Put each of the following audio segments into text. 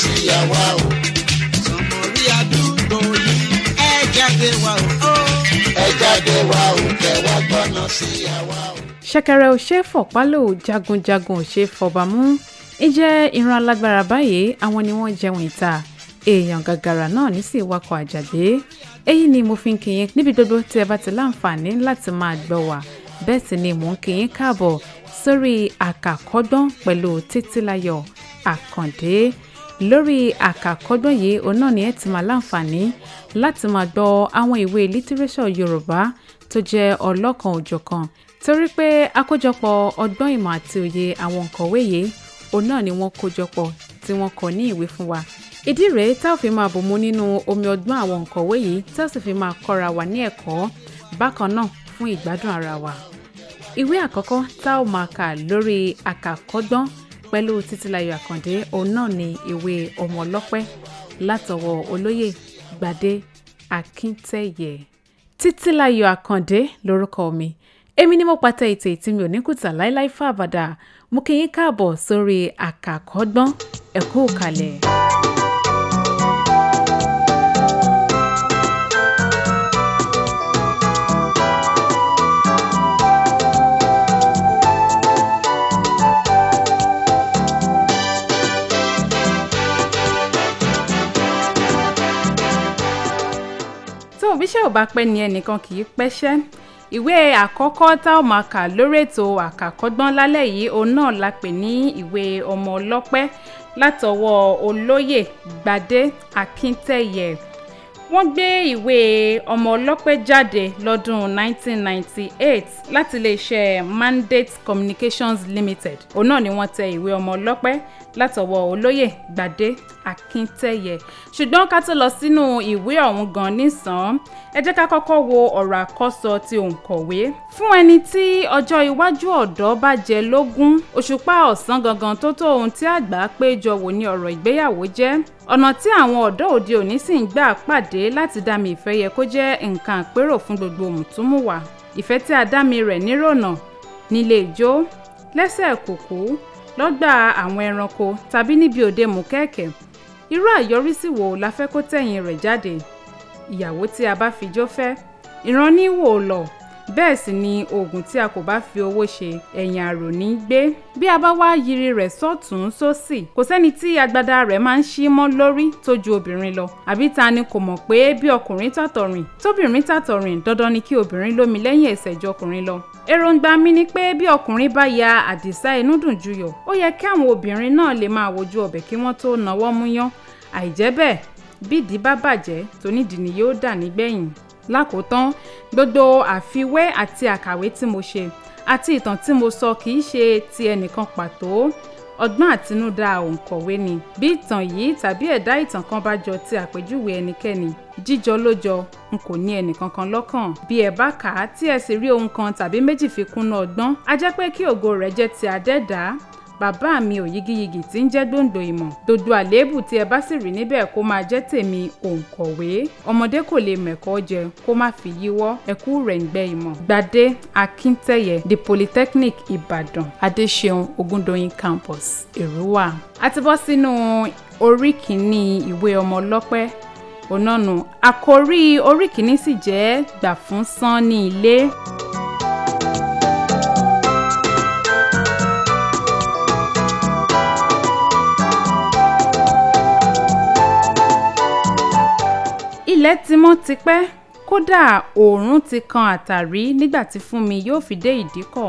sí àwa o. Sọ̀mọ̀rí àdúgbò yìí ẹ jáde wá o. Ẹ jáde wá o kẹ̀ wá gbọ́nà sí àwa o. Ṣẹ̀kẹ̀rẹ̀ ò ṣe é fọ̀pálò jagunjagun ò ṣe é fọbàmú. Ìjẹ́ ìran alágbára báyìí àwọn ni wọ́n jẹun ìta èèyàn gàgàrà náà ní wakọ̀ àjàgbé èyí ni mo fi ń kíyìn níbi gbogbo tí ẹ bá ti láǹfààní láti máa gbọ́ wá bẹ́ẹ̀ sì ni mò ń kíyìn káàbọ̀ sórí àkàkọ́gbọ́n pẹ̀lú títílayọ̀ àkàndé lórí àkàkọ́gbọ́n yìí òun náà ni ẹ ti máa láǹfààní láti máa gbọ́ àwọn ìwé lítírésọ̀ yorùbá tó jẹ́ ọlọ́kan òjọ̀kan torí pé àkójọpọ̀ ọgbọ́n ìmọ̀ àti òye àwọn òǹkọ̀wé yìí òun náà ni wọ́n kójọpọ̀ tí wọ́n kọ ní ìwé fún wa ìdí rèé tá ò fi máa bòmú nínú omi ọgbọ́n àwọn òǹkọ̀wé yìí tá ò sì fi máa kọ́ra wa ní ẹ̀kọ́ bákan náà fún ìgbádùn ara wa ìwé àkọ́kọ́ tá ò máa kà lórí àkàkọ́gbọ́n pẹ̀lú títílayọ̀ àkàndé òun náà ni ìwé ọmọ ọlọ́pẹ́ látọwọ́ olóyè gbadé akíntẹ́yẹ títílayọ̀ àkàndé lórúkọ mi èmi ni mo pàtẹ ètò ètí mi ò ní kùtà láéláé fún àbàdà mú kí yín káàbọ̀ sórí àkàkọ́gbọ́n ẹ̀kú òkàlẹ̀. tíṣẹ́ ò bá pẹ́ ni ẹnìkan kì í pẹ́ṣẹ́ ìwé àkọ́kọ́ tá ò máa kà lórí ètò àkàkọ́gbọ́n lálẹ́ yìí òun náà la pè ní ìwé ọmọ ọlọ́pẹ́ látọwọ́ olóyè gbadé akíntẹ̀yẹ wọ́n gbé ìwé ọmọ ọlọ́pẹ́ jáde lọ́dún 1998 láti iléeṣẹ́ mandate communications limited òun náà ni wọ́n tẹ ìwé ọmọ ọlọ́pẹ́ látọwọ́ olóyè gbadé akíntẹ́yẹ ṣùgbọ́n ká tó lọ sínú ìwé ọ̀hún gan nísàn ẹ jẹ́ ká kọ́kọ́ wo ọ̀rọ̀ àkọ́sọ ti òǹkọ̀wé fún ẹni tí ọjọ́ iwájú ọ̀dọ́ bá jẹ lógún òṣùpá ọ̀sán gangan tó tó ohun tí àgbà péjọ wò ní ọ̀rọ̀ ìgbéyàwó jẹ́ ọ̀nà tí àwọn ọ̀dọ́ òde òní sì ń gbà pàdé láti dá mi ìfẹ́ yẹ kó jẹ́ nǹkan àpérò fún gbogbo mùtúmùwà ìfẹ́ tí a dá mi rẹ̀ nírònà nílé ijó lẹ́sẹ̀ kùkú lọ́gbà àwọn ẹranko tàbí níbi òde mùkẹ́ẹ̀kẹ́ irú àyọrísí wo la fẹ́ kó tẹ̀yìn rẹ̀ jáde ìyàwó tí a bá fijó fẹ́ ìran ní wò lọ bẹ́ẹ̀ sì ni oògùn tí a kò bá fi owó ṣe ẹ̀yìn àrò ní gbé bí a bá wá yiri rẹ̀ sọ́tún sósì kò sẹ́ni tí agbádá rẹ̀ máa ń ṣí mọ́ lórí tó ju obìnrin lọ àbí ta ni kò mọ̀ pé bí ọkùnrin tàtọ̀rìn tóbìnrin tàtọ̀rìn dandan ni kí obìnrin lómi lẹ́yìn ẹsẹ̀ ju ọkùnrin lọ èròǹgbà mi ni pé bí ọkùnrin bá ya àdìsá inú dùn juyọ̀ ó yẹ kí àwọn obìnrin náà lè máa wojú ọbẹ̀ kí wọ́n tó náwó múyán àìjẹ́ bẹ́ẹ̀ bídìí ni yóò lákòótán gbogbo àfiwé àti àkàwé tí mo ṣe àti ìtàn tí mo sọ kì í ṣe ti ẹnìkan pàtó ọgbọ́n àtinúdá òǹkọ̀wé ni bí ìtàn yìí tàbí ẹ̀dá ìtàn kan bá jọ ti àpèjúwe ẹnikẹ́ni jíjọ ló jọ n kò ní ẹnìkankan lọ́kàn bí ẹ bá kà á tí ẹ sì rí ohun kan tàbí méjì fi kúnná ọgbọ́n á jẹ́ pé kí ògo rẹ̀ jẹ́ ti adẹ́dàá bàbá mi ò yigiyigi tí ń jẹ́ gbòǹdò ìmọ̀ dodo àléébù tí ẹ bá sì rí níbẹ̀ kó máa jẹ́ tèmi òǹkọ̀wé ọmọdé kò lè mẹ̀kọ́ jẹ kó má fi yíwọ́ ẹ̀kú rẹ̀ ń gbẹ ìmọ̀ gbadé akíntẹ̀yẹ the polytechnic ìbàdàn adéṣeun ogúndòyìn campus èrúwà a ti bọ́ sínú orí kìíní ìwé ọmọ ọlọ́pẹ́ onánu àkòrí orí kìíní sì jẹ́ gbà fún sán ní ilé. ilẹ̀ ti mọ́ tipẹ́ kódà oòrùn ti kan àtàrí nígbà tí Fúnmi yóò fi dé ìdíkọ̀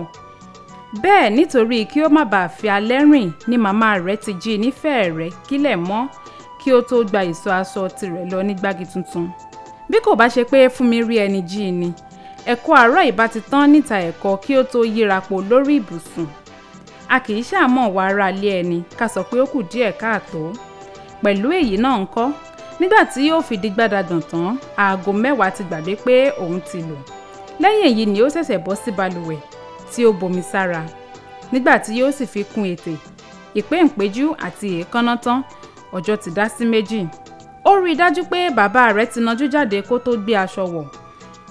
bẹ́ẹ̀ nítorí kí ó má bàa fi alẹ́ rìn ni màmá rẹ̀ ti jí nífẹ̀ẹ́ rẹ̀ kílẹ̀ mọ́ kí ó tó gba ìsọ aṣọ tirẹ̀ lọ ní gbági tuntun bí kò bá ṣe pé Fúnmi rí ẹni jí ni ẹ̀kọ́ àárọ̀ ìbá ti tán níta ẹ̀kọ́ kí ó tó yírapo lórí ibùsùn a kì í ṣàmọ̀ wá ara ilé ẹni ká sọ pé ó kù díẹ̀ káàtó pẹ̀lú èyí náà ńkọ́ nígbà tí yóò fi di gbàdàgbọ̀n tán aago mẹ́wàá ti gbàgbé pé òun ti lò lẹ́yìn èyí ni ó ṣẹ̀ṣẹ̀ bọ́ sí balùwẹ̀ tí ó bomi sára nígbà tí yóò sì fi kún ètè ìpéǹpéjú àti èékánná tán ọjọ́ ti dá sí méjì ó rí i dájú pé bàbá rẹ̀ ti nájú jáde kó tó gbé aṣọ wọ̀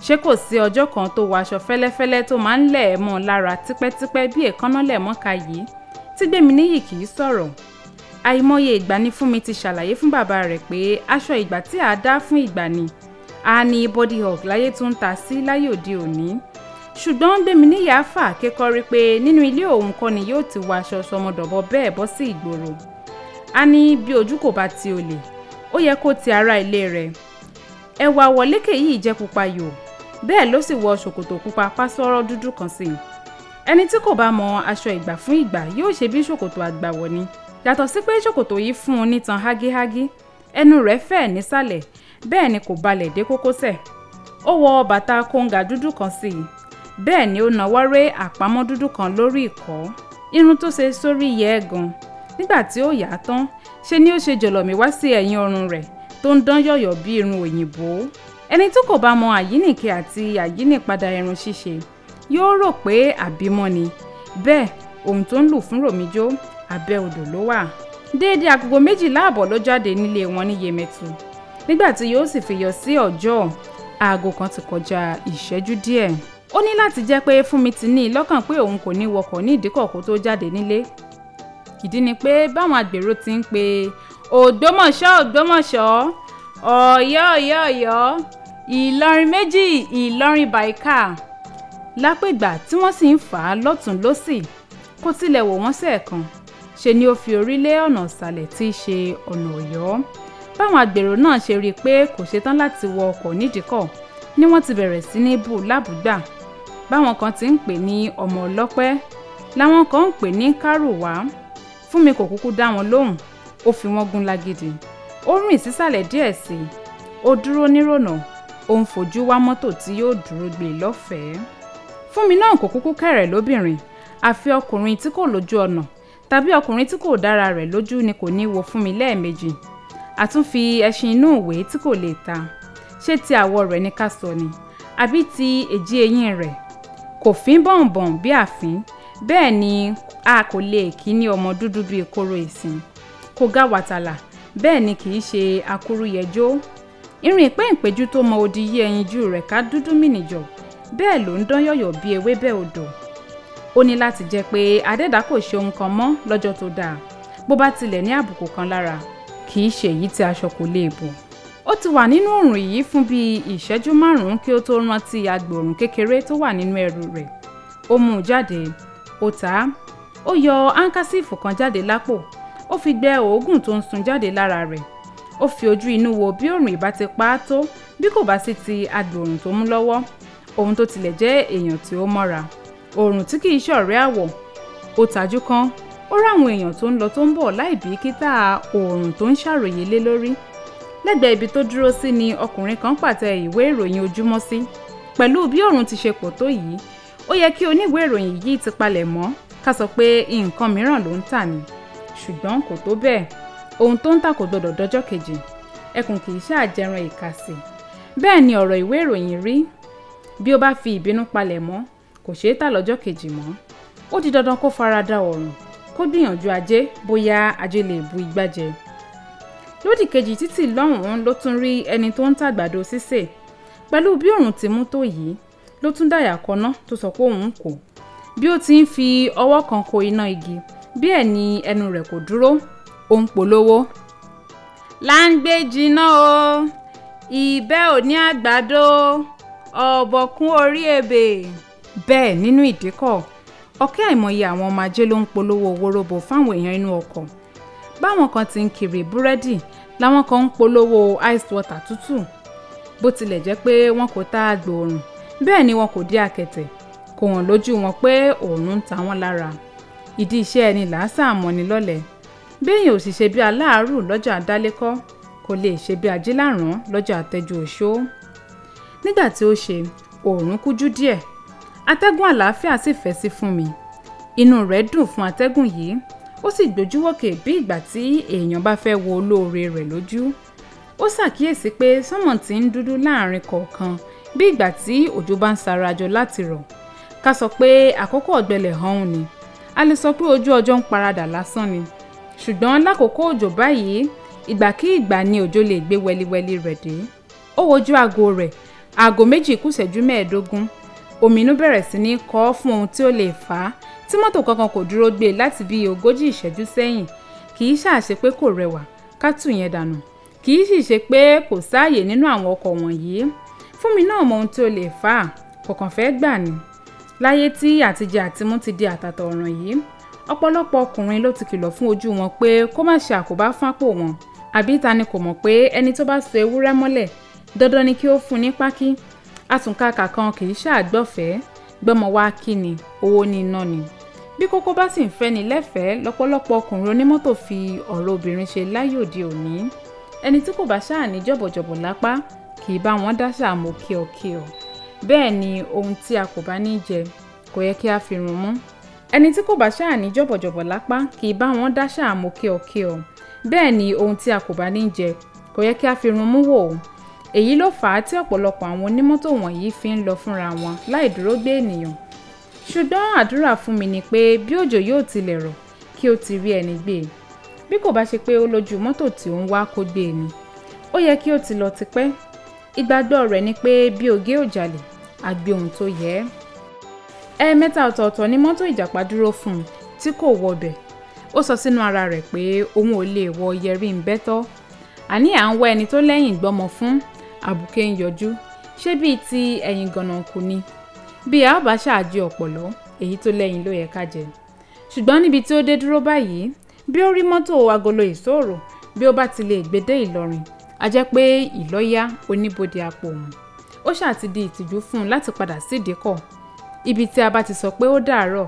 ṣé kò sí ọjọ́ kan tó wọ aṣọ fẹ́lẹ́fẹ́lẹ́ tó máa ń lẹ̀ ẹ́ mọ́ lára tipẹ́tipẹ́ bí èékánná lẹ̀ mọ́ka yìí tí Gbéminíyì kì í sọ̀rọ̀ àìmọye ìgbà ni Fúnmi ti ṣàlàyé fún bàbá rẹ̀ pé aṣọ ìgbà tí a dá fún ìgbà a ní body hug láyé tó ń ta sí láyé òde òní ṣùgbọ́n gbẹ̀míníyà fà kékọ́rí pé nínú ilé òun kọ́ ni yóò ti wọ aṣọ sọmọdọ̀bọ bẹ́ẹ̀ bọ́ sí ìgboro a ní bí ojú kò bá ti olè ó yẹ kó ti ara ilé rẹ̀ ẹwà wọlékè yìí jẹ́ pupa yòó bẹ́ẹ̀ ló sì wọ ṣòkòtò pupa pásọ́rọ́ dúdú kan sí i ẹni tí kò bá mọ aṣọ ìgbà fún ìgbà yóò ṣe bí ṣòkòtò àgbàwọ̀ ni yàtọ̀ sí pé ṣòkòtò yìí fún un nítan hágíhágí ẹnu rẹ̀ fẹ̀ nísàlẹ̀ bẹ́ẹ̀ ni kò balẹ̀ dé kókósẹ̀ ó wọ bàtà kóńgà dúdú kan sí i bẹ́ẹ̀ ni ó nawọ́ ré àpamọ́ dúdú kan lórí ìkọ́ irun tó ṣe sórí yẹ ẹ́ gan nígbà tí ó yà á tán ṣe ni ó ṣe jọ̀lọ̀mí wá sí ẹ̀yìn ọrùn rẹ̀ tó ń dán yọ̀yọ̀ bí irun òyìnbó ẹni tó kò bá mọ àyínìke àti àyínìpadà irun ṣíṣe yóò rò pé àbímọ ni bẹ́ẹ̀ ohun tó ń lù fún ròmíjó abẹ́odò ló wà déédéé agogo méjìlá àbọ̀ ló jáde nílé wọn ní yemẹtu nígbà tí yóò sì fi yọ sí ọjọ́ aago kan ti kọjá ìṣẹ́jú díẹ̀ ó ní láti jẹ́ pé Fúnmi ti ní lọ́kàn pé òun kò ní wọkọ̀ ní ìdíkọ̀ kó tó jáde nílé ìdí ni pé báwọn agbèrò ti ń pe Ògbómọ̀ṣọ́ Ògbómọ̀ṣọ́ Ọ̀yọ́ Ọ̀yọ́ Ọ̀yọ́ Ìlọrin méjì Ìlọrin bàìkà lápègbà tí wọ́n sì ń fà á lọ́tùn lósì kó tilẹ̀ wò wọ́n sẹ́ẹ̀kan ṣe ni ó fi orílẹ̀ ọ̀nà ìsàlẹ̀ tí í ṣe ọ̀nà ọ̀yọ́ báwọn agbèrò náà ṣe rí i pé kò ṣetán láti wọ ọkọ̀ nídìíkọ̀ ni wọ́n ti bẹ̀rẹ̀ sí ní bù lábùgbà báwọn kan ti ń pè ní ọmọ ọlọ́pẹ́ làwọn kan ń pè ní kárùwá fúnmi kò kúkú dá wọn lóhùn ó fi wọ́n gún lágídí ó rìn sísàlẹ̀ díẹ̀ sí i ó dúró nírònà ó ń fojú wá mọ́tò tí yóò dúró gbé lọ́fẹ̀ẹ́ fúnmi náà kò kúkú kẹ̀rẹ̀ lóbìnrin àfi ọkùnrin tí kò lójú ọ̀nà tàbí ọkùnrin tí kò dára rẹ̀ lójú ni kò ní wo fún mi lẹ́ẹ̀mejì àtúnfi ẹṣin inú ìwé tí kò lè ta ṣé ti àwọ̀ rẹ̀ ni ká sọ ni àbí ti èjì eyín rẹ̀ kò fín bọ̀ǹbọ̀ǹ bí àfín bẹ́ẹ̀ ni a kò lè kí ní ọmọ dúdú bíi kóró ìsìn kò ga wàtàlà bẹ́ẹ̀ ni kì í ṣe akúrúyẹjó irin ìpéǹpéjú tó mọ odi yí ẹyinjú rẹ̀ ká dúdú mìnìjọ bẹ́ẹ̀ ló ń dán yọ̀yọ̀ bí ewébẹ̀ odò ó ní láti jẹ́ pé adẹ́dá kò ṣe ohun kan mọ́ lọ́jọ́ tó dáa bó bá tilẹ̀ ní àbùkù kan lára kì í ṣe èyí tí aṣọ kò lè bò ó ti wà nínú oòrùn yìí fún bíi ìṣẹ́jú márùn-ún kí ó tó rántí agbòòrùn kékeré tó wà nínú ẹrù rẹ̀ ó mú un jáde ó tà á ó yọ áńkásífù kan jáde lápò ó fi gbẹ òógùn tó ń sun jáde lára rẹ̀ ó fi ojú inú wo bí oòrùn ìbá ti pa á tó bí kò bá sí ti agbòòrùn tó mú lọ́wọ́ ohun tó tilẹ̀ jẹ́ èèyàn tí ó mọ́ra oòrùn tí kìí ṣọ̀rẹ́ àwọ̀ ó tajú kán ó ráwọn èèyàn tó ń lọ tó ń bọ̀ láì bìkítà oòrùn tó ń ṣàròyé lé lórí lẹ́gbẹ̀ẹ́ ibi tó dúró sí ni ọkùnrin kan pàtẹ ìwé ìròyìn ojúmọ́ sí pẹ̀lú bí oòrùn ti ṣe pọ̀ tó yìí ó yẹ kí oníwèé ìròyìn yìí ti palẹ̀ mọ́ ká sọ pé nǹkan mìíràn ló ń tà ní ṣùgbọ́n kò tó bẹ́ẹ̀ ohun tó ń tà kò gbọdọ̀ dọjọ́ kejì ẹkùn kì í ṣàjẹran ìkàsì bẹ́ẹ̀ ni ọ̀rọ̀ ìwé ìròyìn rí bí ó bá fi ìbínú palẹ̀ mọ́ kò ṣeé tà lọ́jọ́ kejì mọ́ ó di dandan kó farada ọ̀rùn kó gbìyànjú ajé bóyá ajé lè bu igbá jẹ lódì kejì títì lọ́hùn-ún ló tún rí ẹni tó ń tàgbàdo sísè pẹ̀lú bí òòrùn ti mú tó yìí ló tún dàyà kọ́ná tó sọ pé òun kò bí ó ti ń fi ọwọ́ kan ko iná igi bí ẹ̀ ní ẹnu rẹ̀ kò dúró òun polówó. láǹgbé jiná o ìbẹ́ ò ní àgbàdo ọ̀bọ̀kún orí ebè bẹ́ẹ̀ nínú ìdíkọ̀ ọ̀kẹ́ àìmọye àwọn ọmọ ajé ló ń polówó owó robo fáwọn èèyàn inú ọkọ̀ báwọn kan ti ń kiri búrẹ́dì làwọn kan ń polówó ice water tútù bó tilẹ̀ jẹ́ pé wọn kò tá àgbò òrùn bẹ́ẹ̀ ni wọn kò dí akẹ̀tẹ̀ kò hàn lójú wọn pé òórùn ń ta wọn lára ìdí iṣẹ́ ẹni làásà mọ́ni lọ́lẹ̀ béèyàn ò sì ṣe bí aláàárù lọ́jà àdálékọ́ kò lè ṣe bí ajílàrán lọ́jà àtẹjú òṣó nígbà tí ó ṣe òórùn kújú díẹ̀ atẹ́gùn àlàáfíà sì fẹ́ sí fún mi inú rẹ̀ dùn fún atẹ́gùn yìí ó sì gbójúwòkè bí ìgbà tí èèyàn bá fẹ́ wo olóore rẹ̀ lójú ó ṣàkíyèsí pé sánmọ̀ ti ń dúdú láàrin kọ̀ọ̀kan bí ìgbà tí òjò bá ń sarajọ láti rọ̀ ká sọ pé àkókò ọ̀gbẹlẹ̀ ọ̀hún ni a lè sọ pé ojú ọjọ́ ń paradà lásán ni ṣùgbọ́n lákòókò òjò báyìí ìgbàkíìgbà ni òjò lè gbé wẹliwẹli rẹ̀ dé ó wojú aago rẹ̀ aago méjì kù ìṣẹ́jú mẹ́ẹ̀ẹ́dógún òmìnú bẹ̀rẹ̀ sí ní kọ ọ́ fún ohun tí ó lè fà á tí mọ́tò kankan kò dúró gbé e láti bíi ogójì ìṣẹ́jú sẹ́yìn kì í ṣàṣe pé kò rẹwà ká tù yẹn dànù kì í sì ṣe pé kò sáàyè nínú àwọn ọkọ̀ wọ̀nyí fún mi náà mọ ohun tí ó lè fà á kọ̀ọ̀kan fẹ́ gbà ni láyé tí àtijẹ àtimú ti di àtàtọ̀ ọ̀ràn yìí ọ̀pọ̀lọpọ̀ ọkùnrin ló ti kìlọ̀ fún ojú wọn pé kó má ṣe àkóbá fápò wọn àbí ta ni kò mọ̀ pé ẹni tó bá so ewúrẹ́ mọ́lẹ̀ dandan ni kí ó fún ní pákí àsùnkàkà kan kì í ṣàgbọ̀fẹ́ gbọ́mọ wá kí ni owó ní iná ni bí kókó bá sì ń fẹ́ni lẹ́fẹ̀ẹ́ lọ́pọ̀lọpọ̀ ọkùnrin onímọ́tò fi ọ̀rọ̀ obìnrin ṣe láyé òde òní ẹni tí kò bá ṣáà ní jọ̀bọ̀jọ̀bọ̀ lápá kì í bá wọn dá ṣàmó kíọ̀kíọ̀ bẹ́ẹ̀ ni ohun tí a kò bá ní jẹ kò yẹ kí a fi rùn mú ẹni tí kò bá ṣáà ní jọ̀bọ̀jọ̀bọ̀ lápá kì í bá wọn dá ṣàmó kíọ̀kíọ̀ bẹ́ẹ̀ ni ohun tí a kò bá ní jẹ kò yẹ kí a fi rùn mú wò ó èyí ló fà á tí ọ̀pọ̀lọpọ̀ àwọn onímọ́tò wọ̀nyí fi ń lọ fúnra wọn láì dúró gbé ènìyàn ṣùgbọ́n àdúrà fún mi ni pé bí òjò yóò tilẹ̀ rọ̀ kí o ti rí ẹni gbé e bí kò bá ṣe pé ó lójú mọ́tò tí ó ń wá kó gbé e ni ó yẹ kí o ti lọ tipẹ́ ìgbàgbọ́ rẹ̀ ni pé bí oge ò jalè á gbé ohun tó yẹ ẹ́ ẹ̀ẹ̀mẹ́ta ọ̀tọ̀ọ̀tọ̀ ni mọ́tò ìjàpá dúró fún un tí kò wọbẹ̀ ó sọ sínú ara rẹ̀ pé òun ò lè wọ yẹrí ń bẹ́tọ́ àní à ń wá ẹni tó lẹ́yìn gbọ́mọ fún àbùké ń yọjú ṣé bíi ti ẹ̀yìn ganan kù ni bí a ó bá ṣáàjì ọ̀pọ̀lọ́ èyí tó lẹ́yìn ló yẹ ká jẹ ṣùgbọ́n níbi tí ó dé dúró báyìí bí ó rí mọ́tò agolo ìṣòro bí ó bá ti lè gbé dé ìlọrin a jẹ́ pé ìlọ́yà oníbodè apò òun ó ṣáà ti di ìtìjú fún un láti padà sí ìdíkọ̀ ibi tí a bá ti sọ pé ó dàárọ̀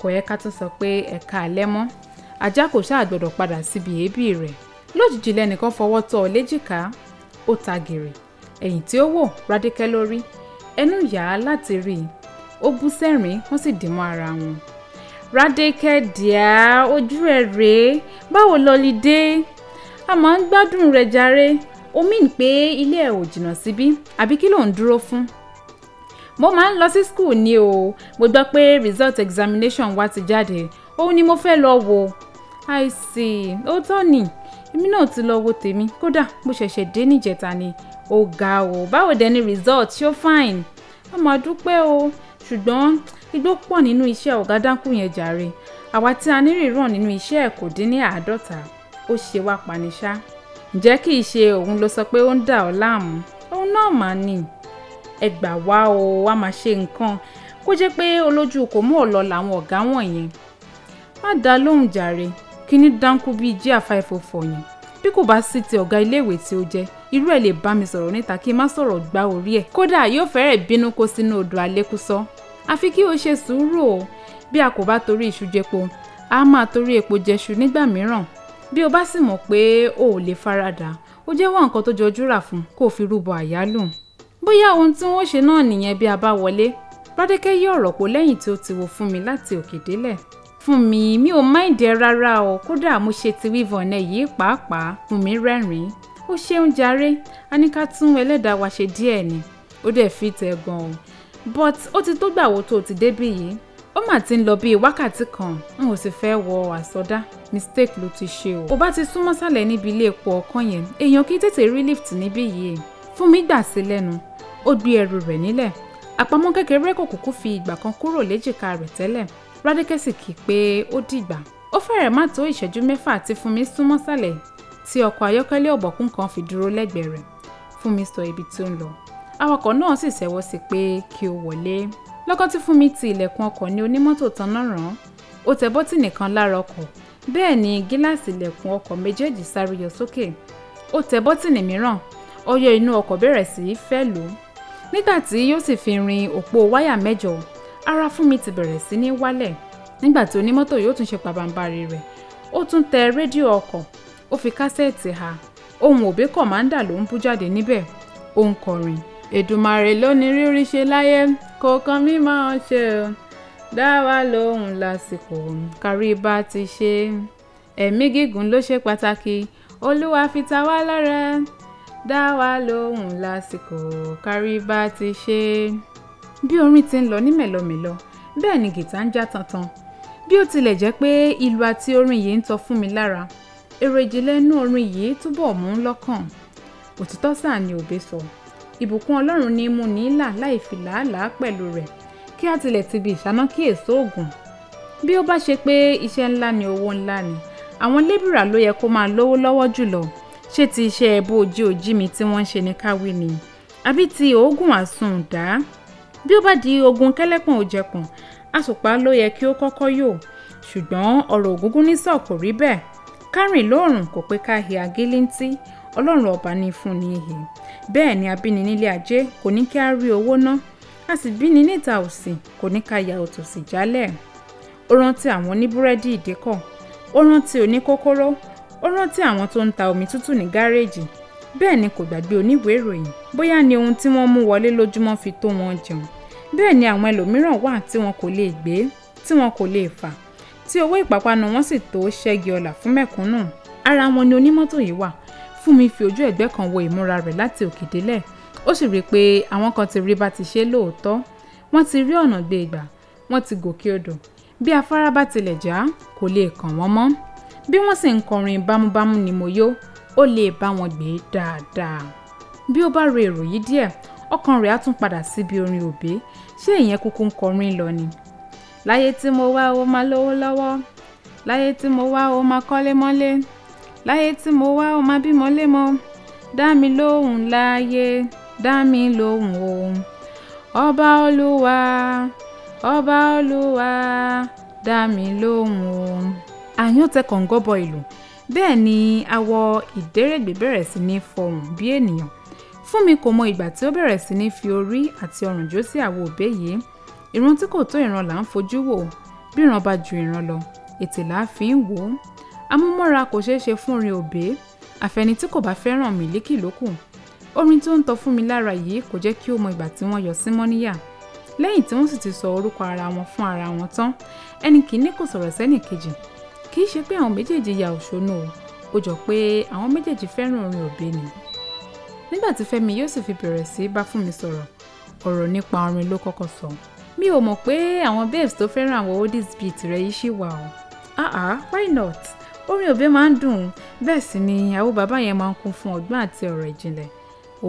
kò yẹ ká tún sọ pé ẹ̀ka alẹ́ mọ́ ajá kò ṣáà gbọ́dọ̀ padà síbi èébì rẹ̀ lójijì lẹ́nìkan fọwọ́ tọ́ léjìká ó ta gìrì ẹ̀yìn tí ó wò Rádékẹ́ lórí ẹnu yà á láti rí i ó bú sẹ́rìn-ín wọ́n sì dì mọ́ ara wọn. Rádékẹ́ díà ojú ẹ̀ rèé báwo lọ́ọ́lì dé a máa ń gbádùn rẹ̀ jàre o mean pé ilé ẹ̀ ò jìnnà síbí àbí kí ló ń dúró fún. mo máa ń lọ sí school ni o mo gbọ́ pé result examination wa ti jáde òun ni mo fẹ́ lọ wò i see ó tọ́ ni èmi náà ti lọ wo tèmi kódà mo ṣẹ̀ṣẹ̀ dé níjẹta ni. Jeta, ó ga o báwo dẹ̀ ni result ṣó fine a máa dúpẹ́ o ṣùgbọ́n igbó pọ̀ nínú iṣẹ́ ọ̀gá dánkù yẹn jàre àwa tí a nírìíràn nínú iṣẹ́ ẹ̀ kò dín ní àádọ́ta ó ṣe wá paniṣá ǹjẹ́ kì í ṣe òun ló sọ pé ó ń dà ọ́ láàmú òun náà mà ní ẹ gbà wá o wá máa ṣe nǹkan kó jẹ́ pé olójú kò mú ọ̀lọ́ làwọn ọ̀gá wọ̀nyẹn má dá lóhùn jàre kí ní dánkù bíi jí àfáìfò fọ̀yìn bí kò bá sí ti ọ̀gá iléèwé tí ó jẹ́ irú ẹ̀ lè bá mi sọ̀rọ̀ níta kí n má sọ̀rọ̀ gbá orí ẹ̀ kódà yóò fẹ́rẹ̀ bínú kó sínú odò àlékúsọ́ àfi kí o ṣe sùúrù o bí a kò bá torí iṣu jẹpo a máa torí epo jẹṣu nígbà mìíràn bí o bá sì mọ̀ pé o ò lè faradà ó jẹ́wọ́ nǹkan tó jọjú rà fún kó o fi rúbọ àyálù bóyá ohun tí wọ́n ṣe náà nìyẹn bí a bá wọlé Bádékẹ́ yí ọ̀rọ̀ pọ̀ lẹ́yìn tí ó ti wo fún mi láti òkè délẹ̀ fún mi mi ò máìndì ẹ rárá o kódà mo ṣe ti wíìvọ̀ ọ̀nà yìí pàápàá fún mi rẹ́rìn-ín ó ṣeun jàre a ní ká tún ẹlẹ́dàá wa ṣe díẹ̀ ni ó dẹ̀ fi tẹ̀ gan o but ó ti tó gbàwo tó o ti débí yìí ó mà ti ń lọ bíi wákàtí kan n ò sì fẹ́ wọ àsọdá mistake ló ti ṣe o. ò bá ti súnmọ́ sálẹ̀ níbi ilé epo ọ̀kan yẹn èèyàn kì í tètè rí lift níbí yìí fún mi gbà sí lẹ́nu ó gbé ẹrù rẹ̀ nílẹ̀ àpamọ́ kékeré kò kúkú fi ìgbà kan kúrò léjìká rẹ̀ tẹ́lẹ̀ Rádékẹ́sì kí i pé ó dìgbà. Ó fẹ́rẹ̀ má tó ìṣẹ́jú mẹ́fà tí Fúnmi súnmọ́ sàlẹ̀ tí ọkọ̀ ayọ́kẹ́lẹ́ ọ̀bọ̀kún kan fi dúró lẹ́gbẹ̀ẹ́ rẹ̀. Fúnmi sọ ibi tí ó ń lọ. Awakọ̀ náà sì ṣẹ́wọ́ sí pé kí ó wọlé. Lọ́gán tí Fúnmi ti ilẹ̀kùn ọkọ̀ ni onímọ́tò tanná ràn án. Ó tẹ bọ́tì nìkan lára ọkọ̀. Bẹ́ẹ̀ ni gíláàsì ilẹ̀kùn ọkọ̀ méjèèjì sáré yọ sókè. Ó tẹ bọ́tìnì mìíràn. Ọyẹ́ inú ọkọ̀ bẹ̀rẹ̀ sí í fẹ́ lù ú. Nígbà tí yóò sì fi rin òpó wáyà mẹ́jọ ara fún mi ti bẹ̀rẹ̀ sí ní wálẹ̀ nígbà tí onímọ́tò yóò tún ṣe pàbàǹbarì rẹ̀ ó tún tẹ rédíò ọkọ̀ ó fi kásẹ̀tì ha ohun òbí kọ̀mándà ló ń bú jáde níbẹ̀ ó ń kọrin Èdùmàrè ló ní rírí ṣe láyé kò kan mí máa ṣe o lóhùn lásìkò kárí bá ti ṣe ẹ̀mí gígùn ló ṣe pàtàkì Olúwa fi ta wá lọ́rẹ dá lóhùn lásìkò kárí bá ti ṣe bí orin ti ń lọ ní mẹ̀lọmẹ̀lọ bẹ́ẹ̀ ni gìtá ń já tantan bí ó tilẹ̀ jẹ́ pé ìlú àti orin yìí ń tọ́ fún mi lára èrò ìjìnlẹ̀ inú orin yìí túbọ̀ mú un lọ́kàn òtítọ́ sáà ni òbí sọ ìbùkún ọlọ́run ni mo ní là láì fi làálàá pẹ̀lú rẹ̀ kí á tilẹ̀ ti bi ìṣáná kí èso ògùn bí ó bá ṣe pé iṣẹ́ ńlá ni owó ńlá ni àwọn lébìrà ló yẹ kó máa lówó lọ́wọ́ jùlọ ṣé ti iṣẹ́ ẹbú ojí mi tí wọ́n ń ṣe ní káwí ni àbí ti òógùn àsùnwòn bí ó bá di ogun kẹ́lẹ́pọ̀n ò jẹ̀pọ̀n àsùpá ló yẹ kí ó kọ́kọ́ yò ṣùgbọ́n ọ̀rọ̀ Ògúngúnnísọ̀ kò rí bẹ́ẹ̀ kárìn lóòrùn kò pé ká hìá gílíntì ọlọ́run ọba ní fún ní ihè bẹ́ẹ̀ ni abíni nílé ajé kò ní kí á rí owó ná a sì bíni níta òsì kò ní ká ya òtòsì jálẹ̀ ó rántí àwọn oníbúrẹ́dì ìdíkọ̀ ó rántí oníkókóró ó rántí àwọn tó ń ta omi tútù ní gáréèjì bẹ́ẹ̀ ni kò gbàgbé oníwèé ìròyìn bóyá ni ohun tí wọ́n mú wọlé lójúmọ́ fi tó wọn jẹun bẹ́ẹ̀ ni àwọn ẹlòmíràn wà tí wọn kò lè gbé tí wọn kò lè fà tí owó ìpápánu wọn sì tó ṣẹ́gi ọlà fún mẹ̀kúnnù ara wọn ni onímọ́tò yìí wà Fúnmi fi ojú ẹ̀gbẹ́ kan wo ìmúra rẹ̀ láti òkè délẹ̀ ó sì rí i pé àwọn kan ti rí bá ti ṣe lóòótọ́ wọ́n ti rí ọ̀nà gbé ìgbà wọ́n ti gòkè odò bí afárá bá tilẹ̀ já kò lè kàn wọ́n mọ́ bí wọ́n sì ń kọrin bámúbámú ni mo yó ó lè bá wọn gbé dáadáa. bí ó bá ro èrò yìí díẹ̀ ọkàn rẹ̀ á tún padà síbi orin òbí ṣé ìyẹn kúkú ń kọrin lọ ni. láyé tí mo wá o máa lówó lọ́wọ́ láyé tí mo wá o máa kọ́lé mọ́lé láyé tí mo wá o máa bímọ lémọ dá mi lóhùn láyé dá mi lóhùn òun ọba olúwa ọba olúwa dá mi lóhùn òun. àyàn tẹ kọ̀ǹgọ́bọ ìlú bẹ́ẹ̀ ni awọ ìdérègbè bẹ̀rẹ̀ sí ní fọhùn bí ènìyàn fún mi kò mọ ìgbà tí ó bẹ̀rẹ̀ sí ní fi orí àti ọrùn jó sí àwo òbé yìí ìran tí kò tó ìran là ń fojú wò bí ìran bá ju ìran lọ ètè là á fi ń wò ó amúmọ́ra kò ṣeé ṣe fún orin òbé àfẹni tí kò bá fẹ́ràn mílíkì lókù orin tó ń tọ́ fún mi lára yìí kò jẹ́ kí ó mọ ìgbà tí wọ́n yọ sí mọ́níyà lẹ́yìn tí wọ́n sì ti sọ orúkọ ara wọn fún ara wọn tán ẹnì kìíní kò sọ̀rọ̀ sẹ́nì kejì kì í ṣe pé àwọn méjèèjì ya òṣónú o ó jọ pé àwọn méjèèjì fẹ́ràn orin òbí ni nígbà tí Fẹ́mi yóò sì fi bẹ̀rẹ̀ sí bá fún mi sọ̀rọ̀ ọ̀rọ̀ nípa orin ló kọ́kọ́ sọ mi ò mọ̀ pé àwọn babes tó fẹ́ràn àwọn oldies bíi tirẹ̀ yìí ṣì wà o ah ah why not orin òbí máa ń dùn bẹ́ẹ̀ sì ni àwọn bàbá yẹn máa ń kún fún ọgbọ́n àti ọ̀rọ̀ ìjìnlẹ̀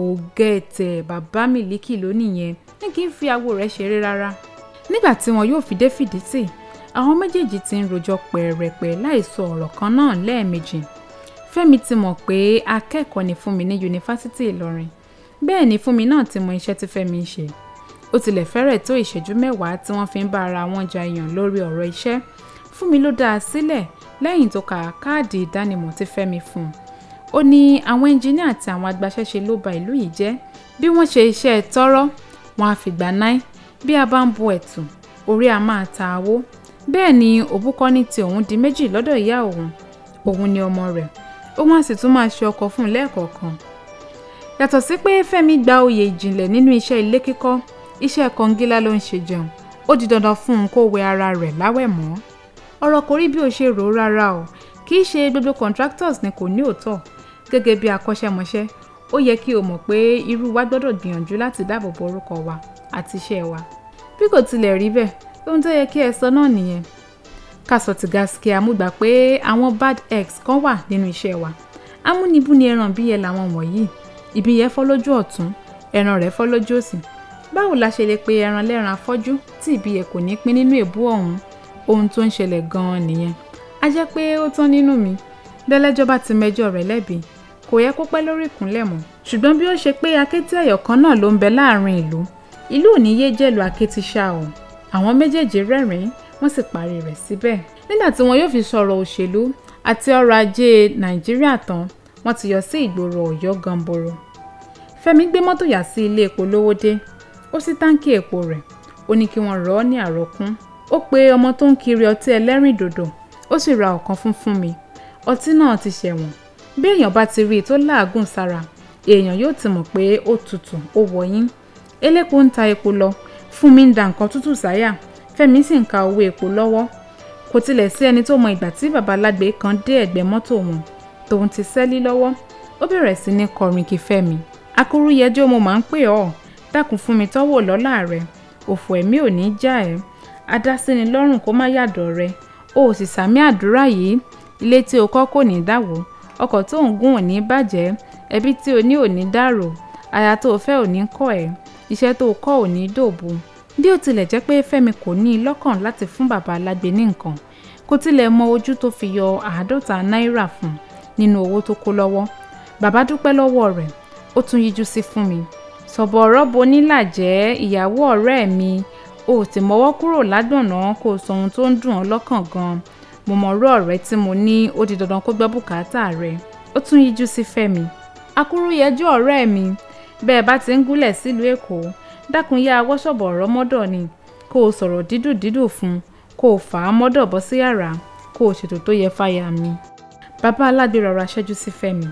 ògẹ̀tẹ̀ bàbá Miliki ló nìyẹn ní kí n fi àwo rẹ̀ ṣeré rárá nígbà tí wọn yóò fi dé fìdí tì àwọn méjèèjì ti ń rojọ́ pẹ̀rẹ̀pẹ̀ láìsọ ọ̀rọ̀ kan náà lẹ́ẹ̀mejì fẹ́mi ti mọ̀ pé akẹ́kọ̀ọ́ ni fúnmi ní yunifásitì ìlọrin bẹ́ẹ̀ ni fúnmi náà ti mọ iṣẹ́ tí fẹ́mi ń ṣe ó tilẹ̀ fẹ́rẹ̀ tó ìṣẹ́jú mẹ́wàá tí wọ́n fi ń bá ara wọn jiyàn lórí ọ̀rọ̀ iṣẹ́ fúnmi ló dá a sílẹ̀ lẹ́yìn tó ka káàdì ìdánimọ̀ tí fẹ́mi fún un ó ní àwọn ẹnjìníà àti àwọn agbaṣẹ́ṣe ló ba ìlú yìí jẹ́ bí wọ́n ṣe iṣẹ́ tọ́rọ́ wọn á fìgbà bí a bá ń bo ẹ̀tù orí a máa ta awó bẹ́ẹ̀ ni òbú kọ́ ní ti òun di méjì lọ́dọ̀ ìyá òun òun ni ọmọ rẹ̀ òun á sì tún máa ṣe ọkọ fún un lẹ́ẹ̀kọ̀ọ̀kan yàtọ̀ sí pé Fẹ́mi gba oyè ìjìnlẹ̀ nínú iṣẹ́ ilé kíkọ́ iṣẹ́ kọngílá ló ń ṣe jẹun ó di dandan fún un kó wẹ ara rẹ̀ láwẹ̀ mọ́ ọ̀rọ̀ kò rí bí o ṣe rò ó rárá o kì í ṣe gbogbo contractors ni kò ní òótọ́ gẹ́gẹ́ bí akọ́ṣẹ́mọṣẹ́ ó yẹ kí o mọ̀ pé irú wa gbọ́dọ̀ gbìyànjú láti dáàbò bo orúkọ wa àti iṣẹ́ wa bí kò tilẹ̀ rí bẹ́ẹ̀ ohun tó yẹ kí ẹ sọ náà nìyẹn ká sọ ti gaskia mú gbà pé àwọn bad eggs kan wà nínú iṣẹ́ wa amúnibúni ẹran bíyẹn làwọn wọ̀nyí ibi yẹn fọ́ lójú ọ̀tún ẹran rẹ̀ fọ́ lójú òsì báwo la ṣe lè pe ẹran lẹ́ran afọ́jú tí ibi yẹn kò ní pín nínú èbú ọ̀hún ohun tó ń ṣẹlẹ̀ gan-an nìyẹn a jẹ́ pé ó tán nínú mi bẹ́lẹ́jọ́ bá ti mẹjọ rẹ̀ lẹ́bi kò yẹ kó pẹ́ lórí ìkúnlẹ̀ mọ́ ṣùgbọ́n bí ó ṣe pé akétí ẹ̀yọ̀ kan náà ló ń bẹ láàrin ìlú ìlú ò ní yé jẹ̀lú akétí àwọn méjèèjì rẹ́rìn-ín wọ́n sì parí rẹ̀ síbẹ̀ nígbà tí wọn yóò fi sọ̀rọ̀ òṣèlú àti ọrọ̀ ajé nàìjíríà tán wọ́n ti yọ sí ìgboro ọ̀yọ́ gamboro fẹ́mi gbé mọ́tò yà sí ilé epo lówódé ó sí táǹkì epo rẹ̀ ó ní kí wọ́n rọ̀ ọ́ ní àròkún ó pe ọmọ tó ń kiri ọtí ẹlẹ́rìn dòdò ó sì ra ọ̀kan fún fún mi ọtí náà ti ṣẹ̀wọ̀n bí èèyàn bá ti rí i tó láàgùn sára èèyàn yóò ti mọ̀ pé ó tutù ó wọ̀nyí elépo ń ta epo lọ Fúnmi ń da nǹkan tútù sáyà Fẹ́mi sì ń ka owó epo lọ́wọ́ kò tilẹ̀ sí ẹni tó mọ ìgbà tí bàbá alágbe kan dé ẹ̀gbẹ́ mọ́tò wọn tòun ti sẹ́lí lọ́wọ́ ó bẹ̀rẹ̀ sí ní kọrin kí Fẹ́mi akúrúyẹjọ́ mo máa ń pè ọ́ dákun fún mi tọ́wọ́ lọ́lá rẹ òfò ẹ̀mí ò ní já ẹ́ adásíni lọ́rùn kó má yàdọ̀ rẹ o ò sì sàmì àdúrà yìí ilé tí o kọ́ kò ní dàwó ọkọ̀ tó ń gùn ò ní bàjẹ́ ẹbí tí o ní ò ní dàrò aya tó o fẹ́ ò ní kọ̀ ẹ́ iṣẹ́ tó kọ́ ò ní dòbu bí ó tilẹ̀ jẹ́ pé fẹ́mi kò ní i lọ́kàn láti fún bàbá alágbe ní nǹkan kò tilẹ̀ mọ ojú tó fi yọ àádọ́ta náírà fún nínú owó tó kó lọ́wọ́ bàbá dúpẹ́ lọ́wọ́ rẹ̀ ó tún yíjú sí fún mi sọ̀bọ̀rọ̀ bonílà jẹ́ ìyàwó ọ̀rẹ́ mi o ò sì mọ́wọ́ kúrò ládùnná kó sọ ohun tó ń dùn ọ́ lọ́kàn gan mo mọ̀rú ọ̀rẹ́ tí mo ní ó di dandan kó gbọ́ bùkátà rẹ̀ ó tún yíjú sí fẹ́mi akúrú yẹjú ọ̀rẹ́ mi bẹ́ẹ̀ bá ti ń gúnlẹ̀ sílùú èkó dákun yá wọ́ṣọ̀bù ọ̀rọ̀ mọ́dọ̀ ni kó o sọ̀rọ̀ dídùn dídùn fún kó o fà á mọ́dọ̀ bọ́ sí yàrá kó o ṣètò tó yẹ fáyà mi. bàbá aládé rọra ṣẹ́jú sí fẹ́mi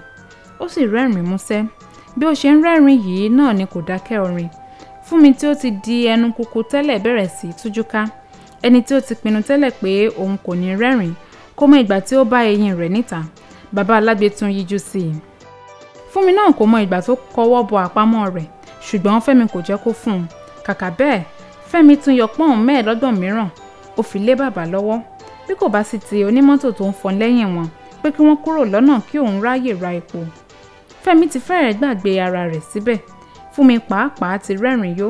ó sì rẹ́rìn-ín músẹ́ bí ó ṣe ń rẹ́rìn yìí náà ni kò dákẹ́ orin fúnmi tí ó ti di ẹnu kúkú tẹ́lẹ̀ bẹ̀rẹ̀ sí í tújúká ẹni tí ó ti pinnu tẹ́lẹ̀ pé òun kò ní rẹ́rìn kó mọ ìgbà tí ó bá eyín rẹ̀ níta bàbá alágbe yíjú sí i fúnmi náà kò mọ ìgbà tó kọwọ́ bọ àpamọ́ rẹ̀ ṣùgbọ́n fẹ́mi kò jẹ́ kó fún un kàkà bẹ́ẹ̀ fẹ́mi tún yọ pọ́n mẹ́ẹ̀ẹ́dọ́gbọ̀n mìíràn ó fi lé bàbá lọ́wọ́ bí kò bá sì ti onímọ́tò tó ń fọn lẹ́yìn wọn pé kí wọ́n kúrò lọ́nà kí òun ráyè ra epo fẹ́mi ti fẹ́rẹ̀ẹ́ gbàgbé ara rẹ̀ síbẹ̀ fúnmi pàápàá ti rẹ́rìn yó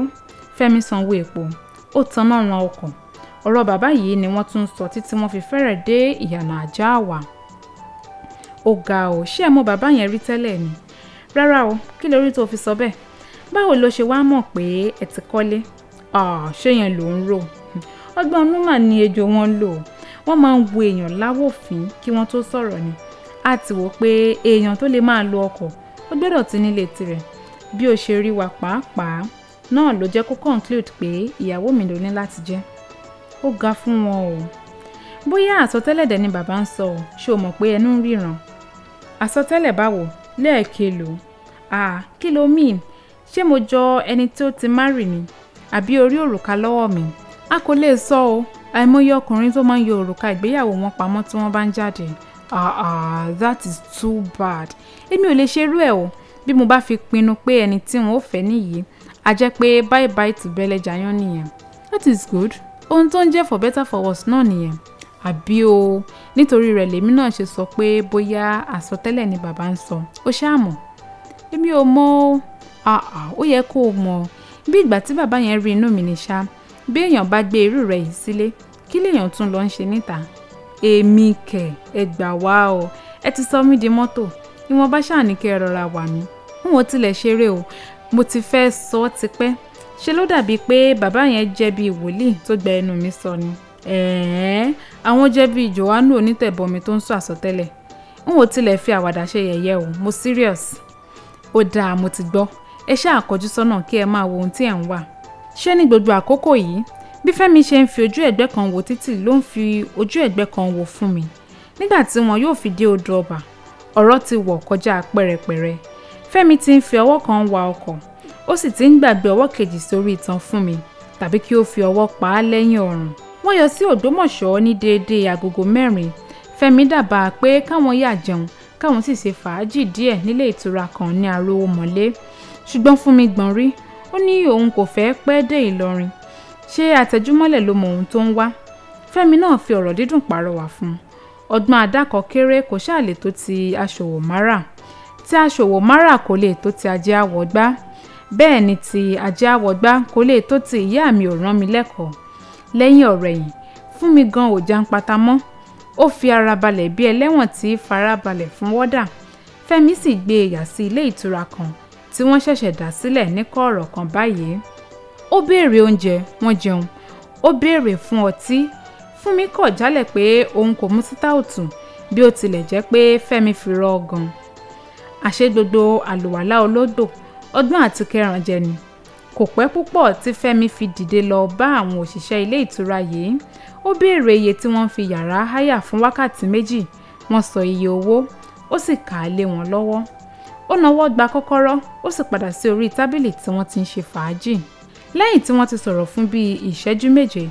fẹ́mi sanwó epo ó taná ran ọkọ̀ ọ̀rọ̀ bàbá yìí ni wọ́n tún sọ títí wọ́n fi fẹ́rẹ̀ẹ́ dé ìyànà àjá àwà ó ga ò ṣé ẹ mọ bàbá yẹn rí tẹ́lẹ̀ ni rárá o kí lórí tó fi sọ bẹ́ẹ̀ báwo ló ṣe wá mọ̀ pé ẹ ti kọ́lé ṣé yẹn ló ń rò ọgbọ́n numa ni ejò wọn lò wọ́n máa ń wo èèyàn láwòfín kí wọ́n tó sọ̀rọ̀ ni a ti wò pé èèyàn tó lè máa lo ọkọ̀ ó gbọ́dọ̀ ti nílé tirẹ̀ bí o ṣe rí wa pàápàá náà ló jẹ́ kó conclude pé ìyàwó mi ló ní láti jẹ́ ó ga fún wọn o bóyá àsọtẹ́lẹ̀ dẹ̀ ni bàbá ń sọ ṣé o mọ̀ pé ẹnu ń ríran àsọtẹ́lẹ̀ báwo lẹ́ẹ̀kelòó háà kí ló mean ṣé mo jọ ẹni tó ti márì ni àbí o rí òrùka lọ́wọ́ mi a kò lè sọ o àìmọye ọkùnrin tó máa ń yọ òrùka ìgbéyàwó wọn pamọ́ tí wọ́n bá ń jáde ah ah that is too bad èmi ò lè ṣerú ẹ̀ o bí mo bá fi pinnu pé ẹni tí n ò fẹ́ nìyí a jẹ́ pé bye bye tùbẹ́lẹ̀ jayán nìyẹn that is good ohun tó ń jẹ́ for better for worse náà nìyẹn àbí o nítorí rẹ̀ lèmi náà ṣe sọ pé bóyá àsọtẹ́lẹ̀ ni bàbá ń sọ ó ṣáà mọ̀ èmi ò mọ̀ o ó yẹ kó o mọ̀ bí ìgbà tí bàbá yẹn rí inú mi ní ṣá bí èèyàn bá gbé irú rẹ̀ yìí sílé kí lèèyàn tún lọ ń ṣe níta èmi kẹ̀ ẹ gbà wá o ẹ ti sọ mí di mọ́tò ìwọ̀nba ṣáà ní kẹ́ ẹ rọra wà mí n ò tilẹ̀ ṣeré o mo ti fẹ́ sọ ọ́ tipẹ́ ṣe ló dàbíi pé bàbá yẹn jẹ́ wòlíì tó gba ẹnu mi sọ ni ẹ̀ẹ́ àwọn jẹ́ bíi Jòhánù onítẹ̀bọmi tó ń sọ àsọtẹ́lẹ̀ n ò tilẹ̀ fi àwàdà ṣe yẹ̀yẹ́ o mo serious ó dáa mo ti gbọ́ ẹ ṣáà kọjú sọ́nà kí ẹ máa wo ohun tí ẹ̀ ń wà ṣé ní gbogbo àkókò yìí bí Fẹ́mi ṣe ń fi ojú ẹ̀gbẹ́ kan wo títì ló ń fi ojú ẹ̀gbẹ́ kan wo fún mi nígbà tí wọn yóò fi dé odò ọba ọ̀rọ̀ ti wọ̀ kọjá pẹ̀rẹ̀pẹ̀rẹ̀ Fẹ́mi ti ń fi ọwọ́ kan wa ọkọ̀ ó sì ti ń gbàgbé ọwọ́ kejì sórí ìtàn fún mi tàbí kí ó fi ọwọ́ pa á lẹ́yìn ọrùn wọ́n yọ sí Ògbómọ̀ṣọ́ ní déédéé agogo mẹ́rin Fẹ́mi dábàá pé káwọn yà jẹun káwọn sì ṣe fàájì díẹ̀ nílé ìtura kan ní Arówómọlé ṣùgbọ́n Fúnmi Gbọ̀nrí ó ní òun kò fẹ́ pẹ́ dé Ìlọrin ṣé àtẹ̀júmọ́lẹ̀ ló mọ ohun tó ń wá Fẹ́mi náà fi ọ̀rọ̀ dídùn pàrọwà fún un ọgbọ́n àdàkọ kéré kò ṣáà lè tó ti aṣòwò márà tí aṣòwò márà kò lè tó ti ajé àwọ̀gbá bẹ́ẹ̀ ni ti ajé àwọ̀gbá kò lè tó ti ìyá mi ò rán mi lẹ́kọ̀ọ́ lẹ́yìn ọ̀rẹ̀yìn fún mi gan ò jáǹpata mọ́ ó fi ara balẹ̀ bí ẹlẹ́wọ̀n tí fara balẹ̀ fún wọ́dà fẹ́mi sì gbé e yà sí ilé ìtura kan tí wọ́n ṣẹ̀ṣẹ̀ dá sílẹ̀ ní kọ̀ọ̀rọ̀ kan báyìí ó béèrè oúnjẹ wọ́n jẹun ó béèrè fún ọtí fúnmi kọ̀ jálẹ̀ pé òun kò mu sítáòtù bí ó tilẹ̀ jẹ́ pé fẹ́mi fi rọ́ gan àṣé gbogbo olódò ọgbọ́n àti kẹrànjẹ ni kò pẹ́ púpọ̀ tí fẹ́mi fi dìde lọ bá àwọn òṣìṣẹ́ ilé ìtura yìí ó béèrè iye tí wọ́n fi yàrá háyà fún wákàtí méjì wọ́n sọ iye owó ó sì kà á lé wọn lọ́wọ́ ó nawọ́ gba kọ́kọ́rọ́ ó sì padà sí orí tábìlì tí wọ́n ti ń ṣe fàájì lẹ́yìn tí wọ́n ti sọ̀rọ̀ fún bíi ìṣẹ́jú méje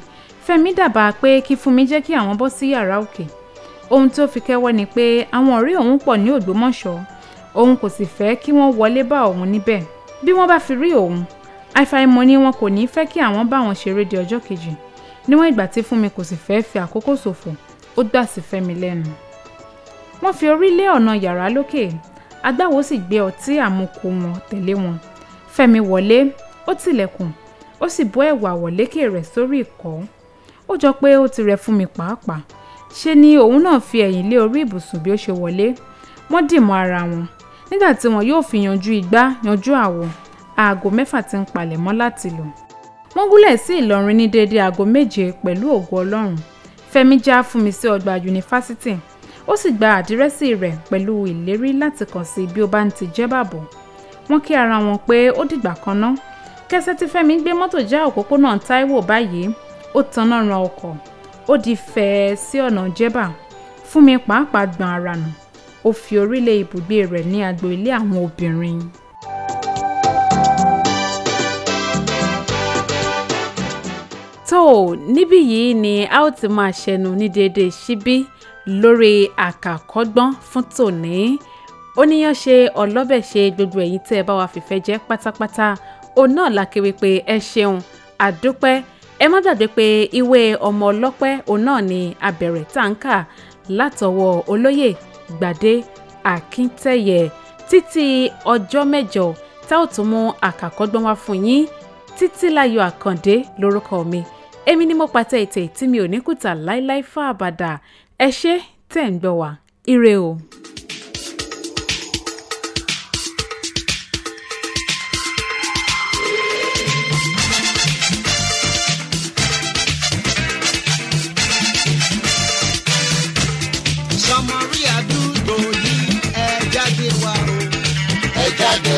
fẹ́mi dábàá pé kí fúnmi jẹ́ kí àwọn bọ́ sí yàrá òkè ohun tí fi kẹ́wọ́ ni pé àwọn ọ̀rẹ́ òun pọ̀ ní ògbómọ̀ṣọ́ òun kò sì fẹ́ kí wọ́n wọlé bá òun níbẹ̀ bí wọ́n bá fi rí òun àfàìmọ̀ ni wọn kò ní fẹ́ kí àwọn bá wọn ṣeré di ọjọ́ kejì níwọ̀n ìgbà tí Fúnmi kò sì fẹ́ fi àkókò ṣòfò ó gbà sí Fẹ́mi lẹ́nu. wọ́n fi orí lé ọ̀nà yàrá lókè agbáwo sì gbé ọtí àmukù wọn tẹ̀lé wọn Fẹ́mi wọlé ó tilẹ̀kùn ó sì bọ́ ẹ̀wà wọ̀lékè rẹ̀ sórí ìkọ́ ó jọ pé ó ti rẹ̀ Fúnmi pàápàá ṣe ni òun náà fi ẹ̀yìn lé orí ibùsùn bí ó ṣe wọlé wọ́n dìmọ́ ara wọn nígbà tí wọn yóò fi yanjú igbá yanjú àwọ̀ aago mẹ́fà ti ń palẹ̀mọ́ láti lù wọ́n gúnlẹ̀ sí Ìlọrin ní déédé aago méje pẹ̀lú ògo Ọlọ́run Fẹ́mi já fúnmi sí ọgbà yunifásítì ó sì gba àdírẹ́sì rẹ̀ pẹ̀lú ìlérí láti kàn sí bí ó bá ń ti jẹ́ bàbọ̀ wọ́n kí ara wọn pé ó dìgbà kan ná kẹsẹ́ tí Fẹ́mi gbé mọ́tò já òpópónà Táíwò báyìí ó tanná ran ọkọ̀ ó di fẹ́ẹ́ sí ọ̀nà Jẹ́bà fúnmi pàápàá gbọ̀n ara nù ó fi orílẹ̀ ibùgbé rẹ̀ ní agbo ilé àwọn obìnrin. tó níbí yìí ni a ó ti máa ṣẹnu ní déédéé síbí lórí àkàkọ́gbọ́n fún tòní oníyanṣe ọlọ́bẹ̀ ṣe gbogbo ẹ̀yin tẹ́ ẹ bá wa fìfẹ́ jẹ́ pátápátá òun náà la kiri pé ẹ ṣeun àdúpẹ́ ẹ má gbàgbé pé ìwé ọmọ ọlọ́pẹ́ òun náà ni abẹ̀rẹ̀ táǹkà látọwọ́ olóyè gbàdé akíntẹ́yẹ títí ọjọ́ mẹ́jọ tá ò tún mú àkàkọ́gbọ́n wá fún yín títí láyọ̀ àkàndé lórúkọ mi èmi ni mo pàtẹ ètè tí mi ò ní kùtà láéláé fún àbàdà ẹ ṣé tẹ̀ ń gbọ́ wa ire o. jáde